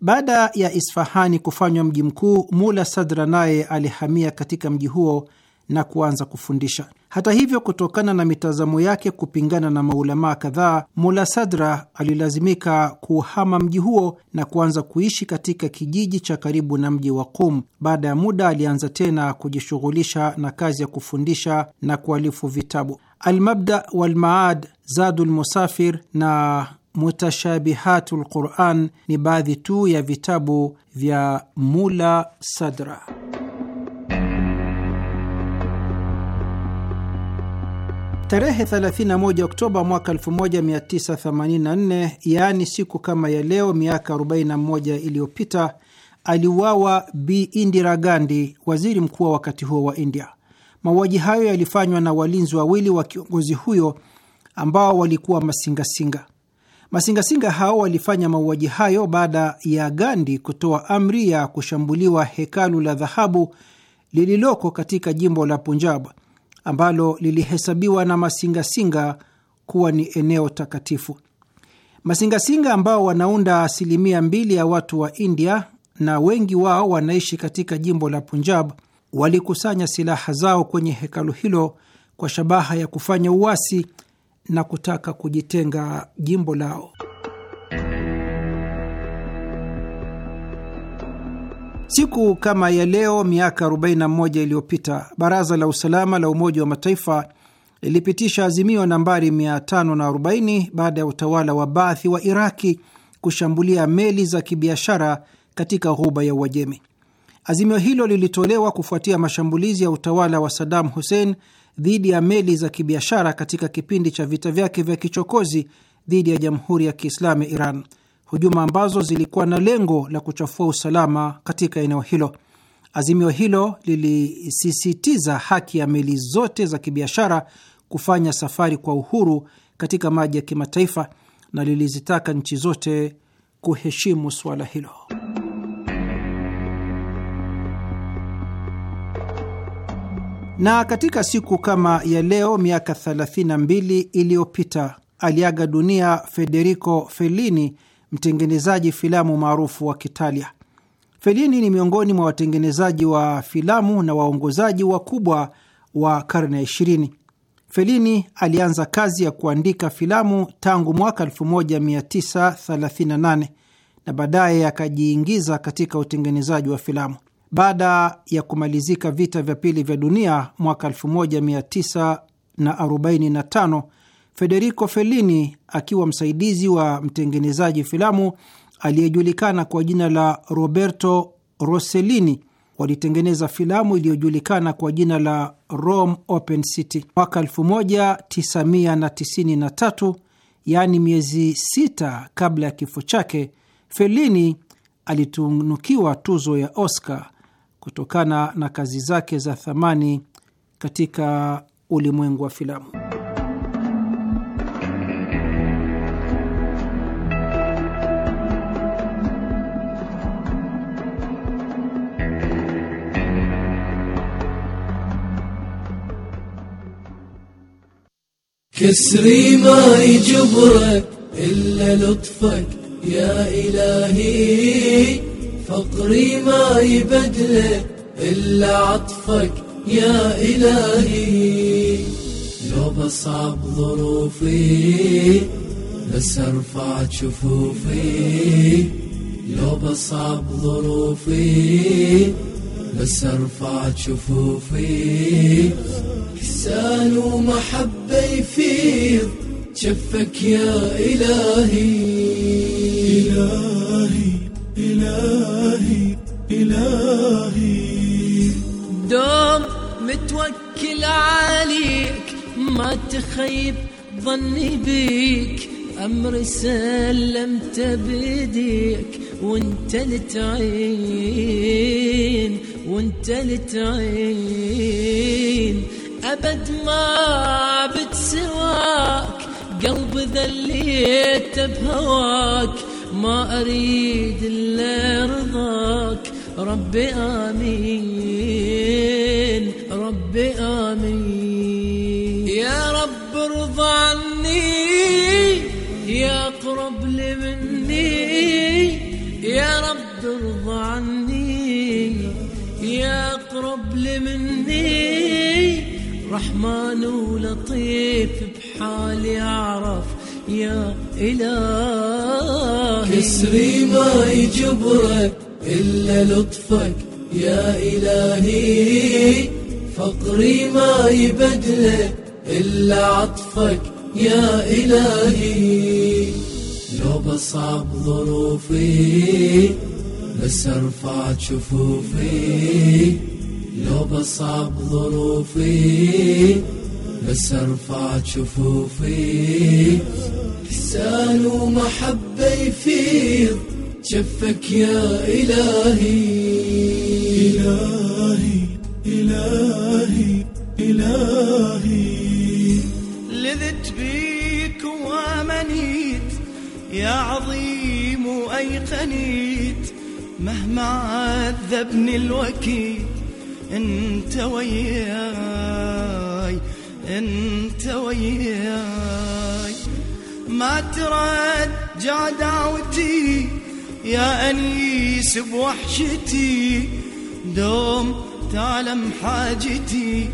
Baada ya Isfahani kufanywa mji mkuu, Mula Sadra naye alihamia katika mji huo na kuanza kufundisha. Hata hivyo, kutokana na mitazamo yake kupingana na maulamaa kadhaa, Mula Sadra alilazimika kuhama mji huo na kuanza kuishi katika kijiji cha karibu na mji wa Qum. Baada ya muda, alianza tena kujishughulisha na kazi ya kufundisha na kualifu vitabu. Almabda Walmaad, Zadu Lmusafir na Mutashabihatu Lquran ni baadhi tu ya vitabu vya Mula Sadra. Tarehe 31 Oktoba mwaka 1984, yaani siku kama ya leo miaka 41 iliyopita, aliuawa Bi Indira Gandhi, waziri mkuu wa wakati huo wa India. Mauaji hayo yalifanywa na walinzi wawili wa kiongozi huyo ambao walikuwa masingasinga. Masingasinga hao walifanya mauaji hayo baada ya Gandhi kutoa amri ya kushambuliwa hekalu la dhahabu lililoko katika jimbo la Punjab ambalo lilihesabiwa na masingasinga kuwa ni eneo takatifu. Masingasinga ambao wanaunda asilimia mbili ya watu wa India na wengi wao wanaishi katika jimbo la Punjab walikusanya silaha zao kwenye hekalu hilo kwa shabaha ya kufanya uasi na kutaka kujitenga jimbo lao. Siku kama ya leo miaka 41 iliyopita Baraza la Usalama la Umoja wa Mataifa lilipitisha azimio nambari 540 baada ya utawala wa Baathi wa Iraki kushambulia meli za kibiashara katika ghuba ya Uajemi. Azimio hilo lilitolewa kufuatia mashambulizi ya utawala wa Saddam Hussein dhidi ya meli za kibiashara katika kipindi cha vita vyake vya kichokozi dhidi ya Jamhuri ya Kiislamu ya Iran, hujuma ambazo zilikuwa na lengo la kuchafua usalama katika eneo hilo. Azimio hilo lilisisitiza haki ya meli zote za kibiashara kufanya safari kwa uhuru katika maji ya kimataifa na lilizitaka nchi zote kuheshimu suala hilo. Na katika siku kama ya leo miaka 32 iliyopita aliaga dunia Federico Fellini, mtengenezaji filamu maarufu wa Kitalia. Fellini ni miongoni mwa watengenezaji wa filamu na waongozaji wakubwa wa karne ya 20. Fellini alianza kazi ya kuandika filamu tangu mwaka 1938 na baadaye akajiingiza katika utengenezaji wa filamu. Baada ya kumalizika vita vya pili vya dunia mwaka 1945, Federico Fellini akiwa msaidizi wa mtengenezaji filamu aliyejulikana kwa jina la Roberto Rossellini walitengeneza filamu iliyojulikana kwa jina la Rome Open City mwaka 1993, yaani miezi sita kabla ya kifo chake. Fellini alitunukiwa tuzo ya Oscar kutokana na kazi zake za thamani katika ulimwengu wa filamu. فقري ما يبدله إلا عطفك يا إلهي لو بصعب ظروفي بس ارفع شفوفي لو بصعب ظروفي بس ارفع شفوفي كسان ومحبة يفيض شفك يا إلهي إلهي إلهي إلهي دوم متوكل عليك ما تخيب ظني بيك أمر سلمت بيديك وانت لتعين وانت لتعين أبد ما عبد سواك قلب ذليت بهواك ما أريد إلا رضاك رب آمين رب آمين يا رب ارضى عني يا أقرب لي مني يا رب ارضى عني يا أقرب لي مني رحمن ولطيف بحالي أعرف يا إلهي كسري ما يجبرك إلا لطفك يا إلهي فقري ما يبدل إلا عطفك يا إلهي لو بصعب ظروفي بس ارفع شفوفي لو بصعب ظروفي بس ارفع شفوفي لسان ومحبة يفيض شفك يا إلهي إلهي إلهي إلهي لذت بيك ومنيت يا عظيم أيقنيت مهما عذبني الوكيل انت وياي انت وياي ما ترجع دعوتي يا أنيس بوحشتي دوم تعلم حاجتي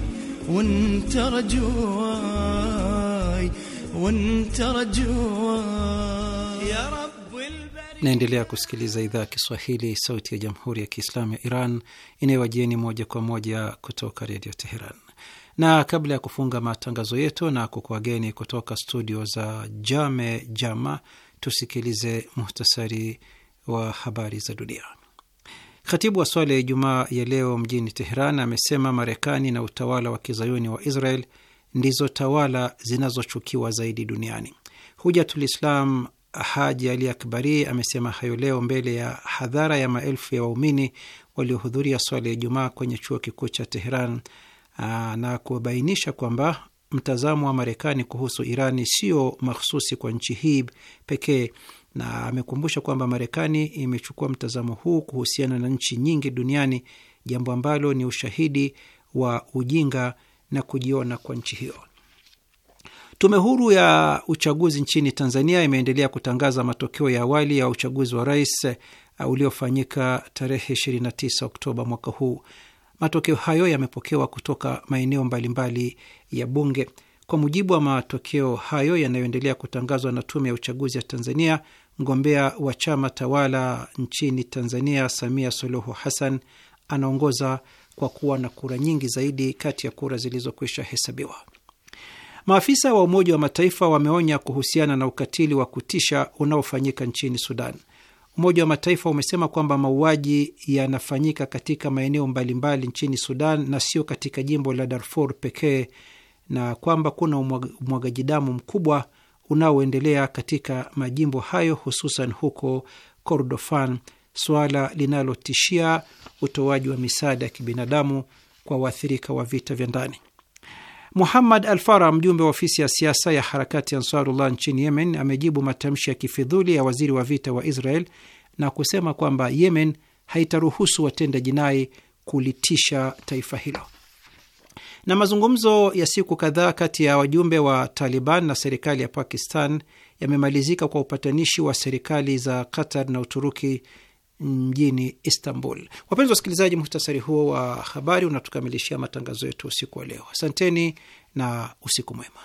وانت رجواي وانت رجواي يا رب Naendelea kusikiliza idhaa ya Kiswahili, sauti ya jamhuri ya kiislamu ya Iran inayowajieni moja kwa moja kutoka redio Teheran. Na kabla ya kufunga matangazo yetu na kukuageni kutoka studio za Jame Jama, tusikilize muhtasari wa habari za dunia. Khatibu wa swala ya Ijumaa ya leo mjini Teheran amesema Marekani na utawala wa kizayuni wa Israel ndizo tawala zinazochukiwa zaidi duniani. hujatul islam Haji Ali Akbari amesema hayo leo mbele ya hadhara ya maelfu ya waumini waliohudhuria swala ya Ijumaa kwenye chuo kikuu cha Teheran na kubainisha kwamba mtazamo wa Marekani kuhusu Irani sio mahsusi kwa nchi hii pekee, na amekumbusha kwamba Marekani imechukua mtazamo huu kuhusiana na nchi nyingi duniani, jambo ambalo ni ushahidi wa ujinga na kujiona kwa nchi hiyo. Tume huru ya uchaguzi nchini Tanzania imeendelea kutangaza matokeo ya awali ya uchaguzi wa rais uh, uliofanyika tarehe 29 Oktoba mwaka huu. Matokeo hayo yamepokewa kutoka maeneo mbalimbali ya Bunge. Kwa mujibu wa matokeo hayo yanayoendelea kutangazwa na Tume ya Uchaguzi ya Tanzania, Mgombea wa chama tawala nchini Tanzania, Samia Suluhu Hassan, anaongoza kwa kuwa na kura nyingi zaidi kati ya kura zilizokwisha hesabiwa. Maafisa wa Umoja wa Mataifa wameonya kuhusiana na ukatili wa kutisha unaofanyika nchini Sudan. Umoja wa Mataifa umesema kwamba mauaji yanafanyika katika maeneo mbalimbali nchini Sudan na sio katika jimbo la Darfur pekee na kwamba kuna umwagaji damu mkubwa unaoendelea katika majimbo hayo, hususan huko Kordofan, suala linalotishia utoaji wa misaada ya kibinadamu kwa waathirika wa vita vya ndani. Muhammad Alfara, mjumbe wa ofisi ya siasa ya harakati ya Ansarullah nchini Yemen, amejibu matamshi ya kifidhuli ya waziri wa vita wa Israel na kusema kwamba Yemen haitaruhusu watenda jinai kulitisha taifa hilo. Na mazungumzo ya siku kadhaa kati ya wajumbe wa Taliban na serikali ya Pakistan yamemalizika kwa upatanishi wa serikali za Qatar na Uturuki mjini Istanbul. Wapenzi wa wasikilizaji, muhtasari huo wa habari unatukamilishia matangazo yetu usiku wa leo. Asanteni na usiku mwema.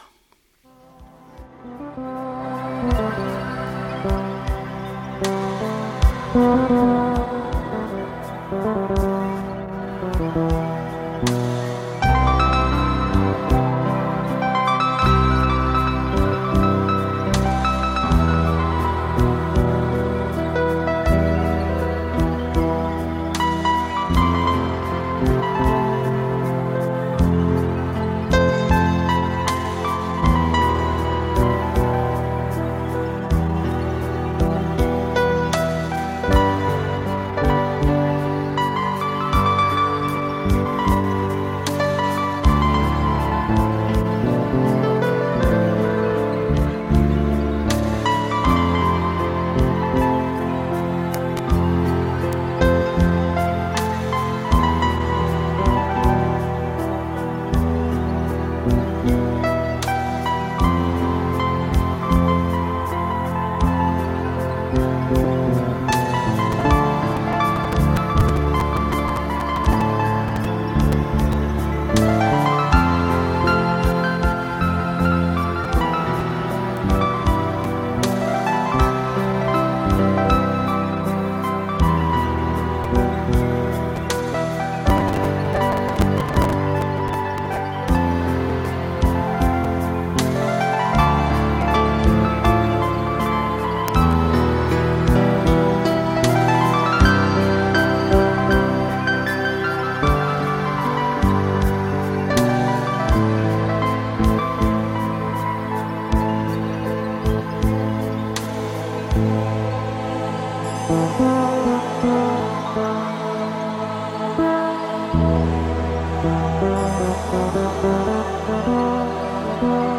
Oh.